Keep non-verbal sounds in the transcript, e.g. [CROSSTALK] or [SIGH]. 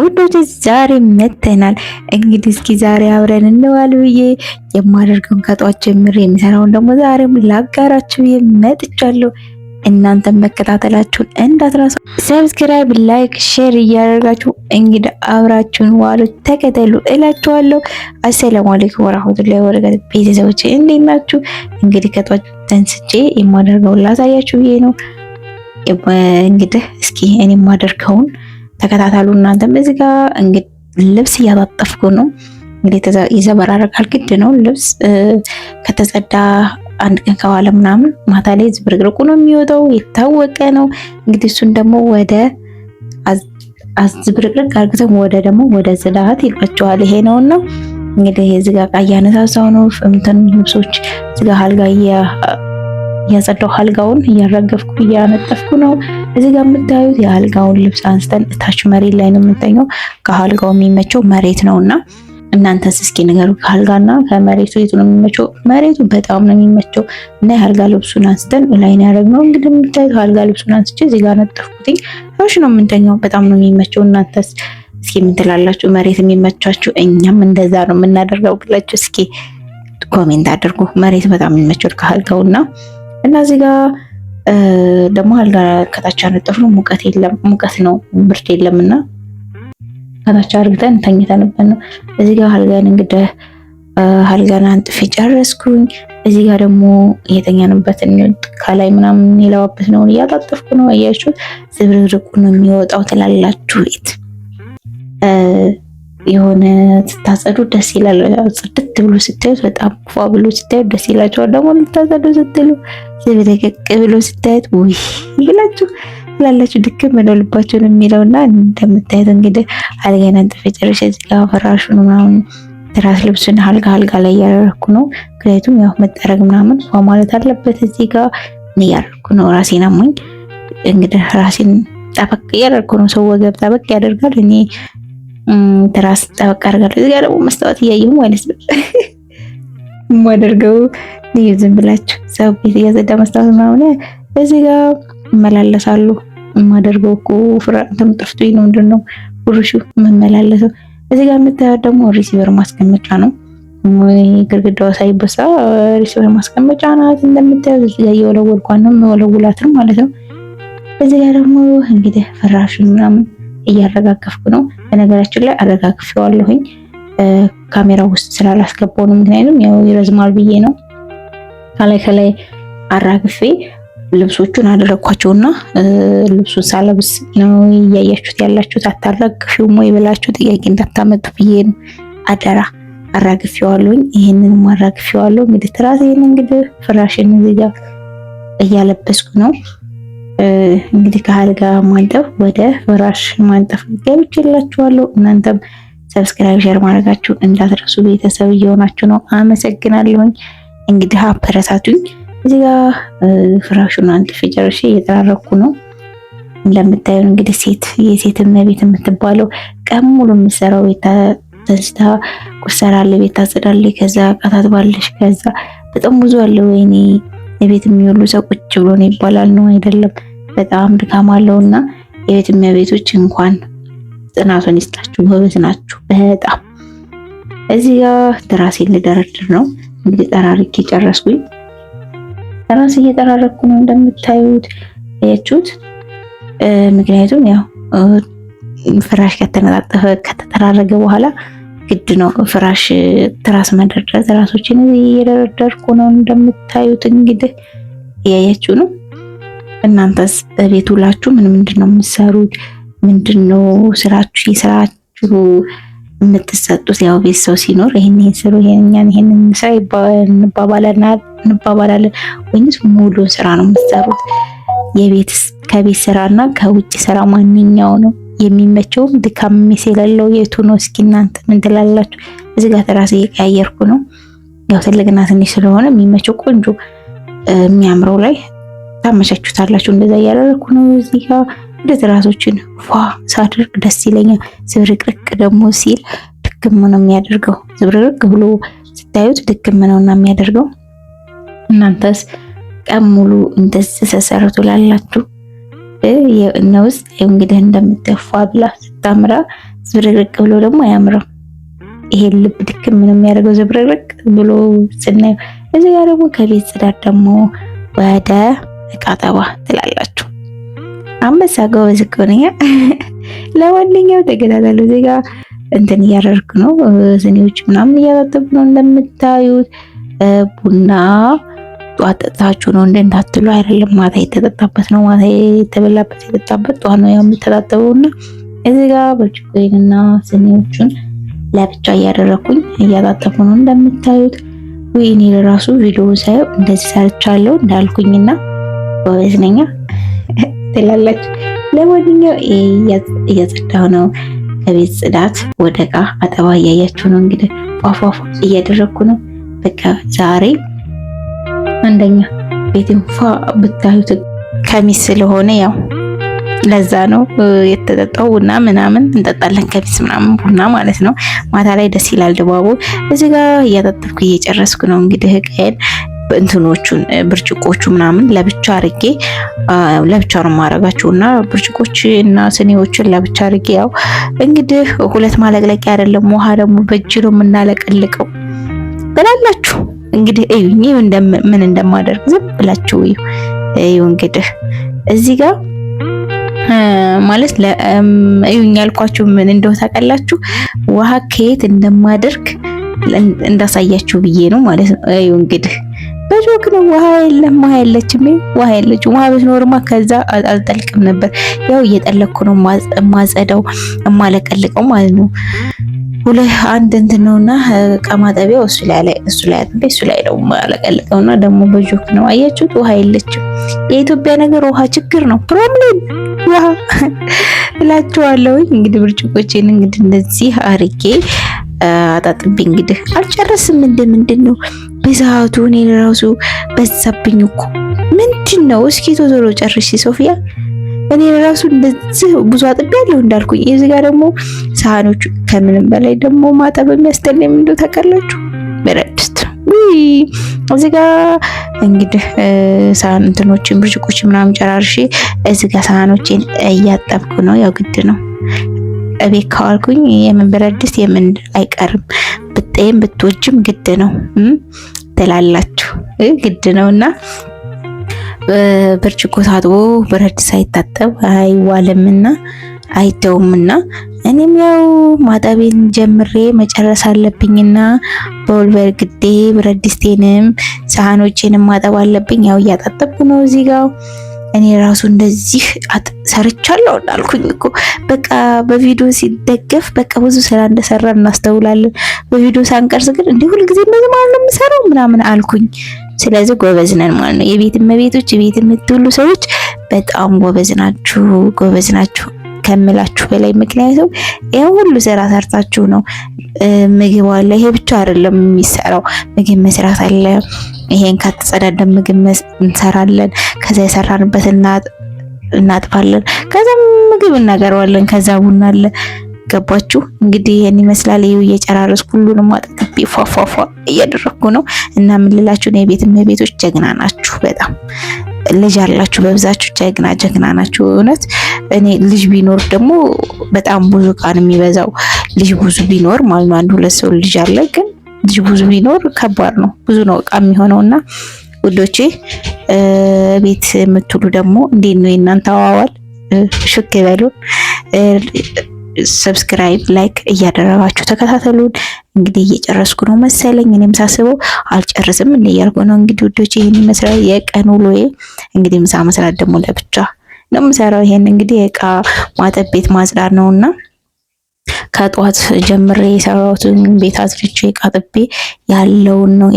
ውዶች ዛሬ መተናል። እንግዲህ እስኪ ዛሬ አብረን እንዋል ብዬ የማደርገውን ከጧት ጀምሬ የሚሰራውን ደግሞ ዛሬም ላጋራችሁ ብዬ መጥቻለሁ። እናንተን መከታተላችሁን እንዳትረሱ፣ ሰብስክራይብ፣ ላይክ፣ ሼር እያደረጋችሁ እንግዲህ አብራችሁን ዋሉ ተከተሉ እላችኋለሁ። አሰላሙ አለይኩም ወራህመቱላሂ ወበረካቱ ቤተሰቦች እንዴት ናችሁ? እንግዲህ ከጧት ተንስቼ የማደርገውን ላሳያችሁ ብዬ ነው። እንግዲህ እስኪ እኔ የማደርገውን ተከታተሉ። እናንተም እዚህ ጋር እንግዲህ ልብስ እያጣጠፍኩ ነው። እንግዲህ ይዘበራረቃል፣ ግድ ነው። ልብስ ከተጸዳ አንድ ቀን ከዋለ ምናምን ማታ ላይ ዝብርቅርቁ ነው የሚወጣው፣ የታወቀ ነው። እንግዲህ እሱን ደግሞ ወደ አዝብርቅርቅ አርግተን ወደ ደግሞ ወደ ጽዳት ይልቃቸዋል። ይሄ ነውና እንግዲህ እዚህ ጋር እያነሳሳው ነው እንትን ልብሶች እዚህ ጋር አልጋ እያጸዳው አልጋውን እያረገፍኩ እያነጠፍኩ ነው። እዚህ ጋር የምታዩት የአልጋውን ልብስ አንስተን እታች መሬት ላይ ነው የምንተኘው። ከአልጋው የሚመቸው መሬት ነው እና እናንተስ እስኪ ንገሩ፣ ከአልጋና ከመሬቱ የቱ ነው የሚመቸው? መሬቱ በጣም ነው የሚመቸው እና የአልጋ ልብሱን አንስተን ላይ ነው ያደረግነው። እንግዲህ የምታዩት አልጋ ልብሱን አንስቼ እዚህ ጋር ነጠፍኩትኝ። ሮሽ ነው የምንተኘው። በጣም ነው የሚመቸው። እናንተስ እስኪ ምን ትላላችሁ? መሬት የሚመቻችሁ? እኛም እንደዛ ነው የምናደርገው ብላችሁ እስኪ ኮሜንት አድርጉ። መሬት በጣም የሚመቸው ከአልጋውና እና እዚህ ጋር ደግሞ አልጋ ከታች አነጠፍነው። ሙቀት የለም ሙቀት ነው ብርድ የለም እና ከታች አድርገን ተኝተንበት ነው። እዚህ ጋር አልጋን እንግዲህ አልጋን አንጥፌ ጨረስኩኝ። እዚህ ጋር ደግሞ የተኛንበትን ከላይ ምናምን የለባበት ነው እያጣጠፍኩ ነው። አያችሁት? ዝብርርቁ ነው የሚወጣው ትላላችሁ ቤት የሆነ ስታጸዱ ደስ ይላል። ጽድት ብሎ ስታዩት በጣም ፏ ብሎ ስታዩት ደስ ይላቸዋል። ደግሞ ልታጸዱ ስትሉ ዘቤተቀቅ ብሎ ስታዩት ውይ ይላችሁ ላላችሁ ድክም ነው ልባችሁን የሚለው እና እንደምታየት እንግዲህ አልጋዬን አንጥፌ ጨርሽ እዚህ ጋ ፍራሹን ምናምን ትራስ ልብሱን አልጋ አልጋ ላይ እያደረኩ ነው። ምክንያቱም ያው መጠረግ ምናምን ፏ ማለት አለበት። እዚህ ጋ እያደረኩ ነው። ራሴን አሞኝ እንግዲህ ራሴን ጠበቅ እያደረኩ ነው። ሰው ወገብ ጠበቅ ያደርጋል እኔ ትራስ ጠበቅ አድርጋለሁ። እዚህ ጋር ደግሞ መስታወት እያየሁ ማለት ነው [LAUGHS] የማደርገው። ዝም ብላችሁ ሰው ቤት እያዘዳ መስታወት ምናምን እዚህ ጋር ይመላለሳሉ። የማደርገው እኮ ፍራንተም ጠፍቶኝ ነው። ምንድን ነው ብሩሹ የምመላለሰው። እዚህ ጋር የምታዩት ደግሞ ሪሲቨር ማስቀመጫ ነው። ግድግዳዋ ሳይበሳ ሪሲቨር ማስቀመጫ ናት። እንደምታዩት እዚህ ጋር እየወለወልኳን ነው የምወለውላትን ማለት ነው። እዚህ ጋር ደግሞ እንግዲህ ፍራሹ ምናምን እያረጋገፍኩ ነው። በነገራችን ላይ አረጋግፌዋለሁኝ ካሜራ ውስጥ ስላላስገባው ነው። ምክንያቱም ያው ይረዝማል ብዬ ነው። ከላይ ከላይ አራግፌ ልብሶቹን አደረግኳቸውና ልብሱን ሳለብስ ነው እያያችሁት ያላችሁት። አታራግፊውም ወይ ብላችሁ ጥያቄ እንዳታመጡ ብዬ ነው። አደራ አራግፌዋለሁኝ። ይህንንም አራግፌዋለሁ። እንግዲህ ትራሴን እንግዲህ ፍራሽን እዚህ ጋር እያለበስኩ ነው። እንግዲህ ከአልጋ ማንጠፍ ወደ ፍራሽ ማንጠፍ ገብቼላችኋለሁ። እናንተም ሰብስክራይብ፣ ሼር ማድረጋችሁ እንዳትረሱ። ቤተሰብ እየሆናችሁ ነው። አመሰግናለሁኝ። እንግዲህ አበረታቱኝ። እዚህ ጋር ፍራሹን አንጥፌ ጨርሼ እየጠራረኩ ነው። እንደምታዩን እንግዲህ ሴት የሴት እመቤት የምትባለው ቀን ሙሉ የምትሰራው ቤት ተንስታ ቁሰራለ ቤት ታጽዳለች፣ ከዛ ቃታት ባለሽ፣ ከዛ በጣም ብዙ አለ። ወይኔ የቤት የሚውሉ ሰው ቁጭ ብሎ ነው ይባላል ነው አይደለም? በጣም ድካም እና የቤት እመቤቶች እንኳን ጥናቱን ይስጣችሁ፣ ጎበዝ ናችሁ በጣም። እዚህ ጋ ትራሴን ልደረድር ነው እንግዲህ ጠራርጌ ጨረስኩኝ። ራስ እየጠራረኩ ነው እንደምታዩት ያችሁት። ምክንያቱም ያው ፍራሽ ከተነጣጠፈ ከተጠራረገ በኋላ ግድ ነው ፍራሽ ትራስ መደርደር። ትራሶችን እየደረደርኩ ነው እንደምታዩት እንግዲህ እያያችሁ ነው። እናንተስ ቤት ውላችሁ ምን ምንድን ነው የምትሰሩት? ምንድን ነው ስራችሁ? የስራችሁ የምትሰጡት? ያው ቤት ሰው ሲኖር ይህን ይህን ስሩ ይህኛን ይህን ስራ እንባባላለን፣ ወይንስ ሙሉ ስራ ነው የምትሰሩት? የቤት ከቤት ስራና ከውጭ ስራ ማንኛው ነው የሚመቸውም? ድካም የሌለው የቱ ነው? እስኪ እናንተ ምን ትላላችሁ? እዚህ ጋር ተራስ እየቀያየርኩ ነው። ያው ትልቅና ትንሽ ስለሆነ የሚመቸው ቆንጆ የሚያምረው ላይ ታመቻችሁታላችሁ። እንደዛ እያደረግኩ ነው። እዚህ ጋር እንደ ራሶችን ፏ ሳድርግ ደስ ይለኛል። ዝብርቅርቅ ደግሞ ሲል ድክም ነው የሚያደርገው። ዝብርቅርቅ ብሎ ስታዩት ድክም ነው እና የሚያደርገው። እናንተስ ቀን ሙሉ እንደዚ ተሰሩት ላላችሁ ውስጥ እንግዲህ እንደምትፏ ብላ ስታምራ ዝብርቅርቅ ብሎ ደግሞ አያምረው። ይሄ ልብ ድክም ነው የሚያደርገው ዝብርቅርቅ ብሎ ስናየው። እዚህ ጋር ደግሞ ከቤት ጽዳት ደግሞ ወደ እቃ ጠባ ትላላችሁ። አንበሳ ጎበዝ እኮ ነኝ። ለማንኛውም ተከታተሉ። እዚህ እንትን እያደረግኩ ነው፣ ስኒዎች ምናምን እያጣጠብኩ ነው። እንደምታዩት ቡና ጧት ጠጥታችሁ ነው እንዳትሉ፣ አይደለም ማታ የተጠጣበት ነው። ማታ የተበላበት የጠጣበት ጧት ነው የምተጣጠበው። የሚተጣጠበውና እዚህ ጋር ስኒዎቹን ለብቻ እያደረኩኝ እያጣጠፉ ነው እንደምታዩት። ወይኔ ለራሱ ቪዲዮ ሳየው እንደዚህ ሰርቻለሁ እንዳልኩኝና ጎበዝ ነኛ ትላላችሁ። ለማንኛው እያጸዳሁ ነው። ከቤት ጽዳት ወደ እቃ አጠባ እያያችሁ ነው እንግዲህ ፏፏፏ እያደረግኩ ነው። በቃ ዛሬ አንደኛ ቤትን ፏ ብታዩት ከሚስ ስለሆነ ያው ለዛ ነው የተጠጣው ቡና ምናምን እንጠጣለን። ከሚስ ምናምን ቡና ማለት ነው። ማታ ላይ ደስ ይላል ድባቡ። እዚህ ጋር እያጠጠብኩ እየጨረስኩ ነው እንግዲህ እቃዬን እንትኖቹን ብርጭቆቹ ምናምን ለብቻ አርጌ ለብቻ ነው ማረጋችሁ እና ብርጭቆች እና ስኒዎችን ለብቻ አርጌ ያው እንግዲህ ሁለት ማለቅለቂያ አይደለም ውሃ ደግሞ በእጅ ነው የምናለቀልቀው ብላላችሁ እንግዲህ እዩኝ ምን እንደማደርግ ዝም ብላችሁ እዩ እዩ እንግዲህ እዚህ ጋር ማለት እዩኝ ያልኳችሁ ምን እንደው ታውቃላችሁ ውሃ ከየት እንደማደርግ እንዳሳያችሁ ብዬ ነው ማለት ነው እዩ እንግዲህ በጆክ ነው። ውሃ የለም፣ ውሃ የለችም፣ ውሃ የለችም። ውሃ ብትኖርማ ከዛ አልጠልቅም ነበር። ያው እየጠለቅኩ ነው የማጸዳው የማለቀልቀው ማለት ነው። ሁለ አንድ እንትን ነውና ቀማጠቢያ እሱ ላይ ላይ እሱ ላይ አጥቤ እሱ ላይ ነው ማለቀልቀውና ደግሞ በጆክ ነው። አያችሁት፣ ውሃ የለችም። የኢትዮጵያ ነገር ውሃ ችግር ነው፣ ፕሮብሌም ውሃ [LAUGHS] እላችኋለሁ። እንግዲህ ብርጭቆችን እንግዲህ እንደዚህ አርጌ አጣጥቤ እንግዲህ አልጨረስም። እንደ ምንድን ነው ብዛቱ እኔ ራሱ በዛብኝ እኮ ምንድን ነው? እስኪ ቶሎ ጨርሽ ሶፊያ። እኔ ለራሱ እንደዚህ ብዙ አጥቤ ያለው እንዳልኩኝ፣ እዚህ ጋር ደግሞ ሳህኖቹ ከምንም በላይ ደግሞ ማጠብ የሚያስጠላኝ እንደው ታውቃላችሁ፣ ብረት ድስት እዚህ ጋር እንግዲህ ሳህን እንትኖችን ብርጭቆች ምናምን ጨራርሼ እዚህ ጋር ሳህኖችን እያጠብኩ ነው። ያው ግድ ነው እቤት ካዋልኩኝ የምን ብረት ድስት የምን አይቀርም። ጤም ብትወጅም ግድ ነው ትላላችሁ፣ ግድ ነውና ብርጭቆ ታጥቦ ብረት ሳይታጠብ አይዋልምና አይተውምና እኔም ያው ማጠቤን ጀምሬ መጨረስ አለብኝና በወልበር ግዴ ብረት ድስቴንም ሳህኖቼንም ማጠብ አለብኝ። ያው እያጣጠብኩ ነው እዚህ ጋር እኔ ራሱ እንደዚህ ሰርቻለሁ እንዳልኩኝ እኮ በቃ በቪዲዮ ሲደገፍ በቃ ብዙ ስራ እንደሰራ እናስተውላለን። በቪዲዮ ሳንቀርስ ግን እንዲህ ሁልጊዜ እንደዚህ ማለት ነው የምሰራው ምናምን አልኩኝ። ስለዚህ ጎበዝ ነን ማለት ነው። የቤት እመቤቶች፣ የቤት የምትውሉ ሰዎች በጣም ጎበዝ ናችሁ፣ ጎበዝ ናችሁ። ከምላችሁ በላይ ምክንያቱም ይሄ ሁሉ ስራ ሰርታችሁ ነው ምግብ አለ። ይሄ ብቻ አይደለም የሚሰራው፣ ምግብ መስራት አለ። ይሄን ካተጸዳደን ምግብ እንሰራለን። ከዛ የሰራንበት እናጥፋለን። ከዛ ምግብ እናገረዋለን። ከዛ ቡና አለ። ገባችሁ? እንግዲህ ይሄን ይመስላል። ይኸው እየጨራረስ ሁሉንም አጠቅቤ ፏፏፏ እያደረኩ ነው እና የምልላችሁ የቤት እመቤቶች ጀግና ናችሁ በጣም ልጅ አላችሁ በብዛችሁ ጀግና ጀግና ናችሁ። እውነት እኔ ልጅ ቢኖር ደግሞ በጣም ብዙ ቃን የሚበዛው ልጅ ብዙ ቢኖር ማለት አንድ ሁለት ሰው ልጅ አለ፣ ግን ልጅ ብዙ ቢኖር ከባድ ነው። ብዙ ነው እቃ የሚሆነው እና ውዶቼ ቤት የምትውሉ ደግሞ እንዴት ነው የእናንተ አዋዋል? ሹክ ይበሉ። ሰብስክራይብ፣ ላይክ እያደረጋችሁ ተከታተሉን። እንግዲህ እየጨረስኩ ነው መሰለኝ። እኔም ሳስበው አልጨርስም እንደ ነው። እንግዲህ ውዶች ይህን ይመስላል የቀን ውሎዬ። እንግዲህ ምሳ መስራት ደግሞ ለብቻ ነው የምሰራው። ይሄን እንግዲህ የእቃ ማጠብ ቤት ማጽዳት እና ከጠዋት ጀምሬ የሰራሁትን ቤት አጽድቼ ቃጥቤ ያለውን ነው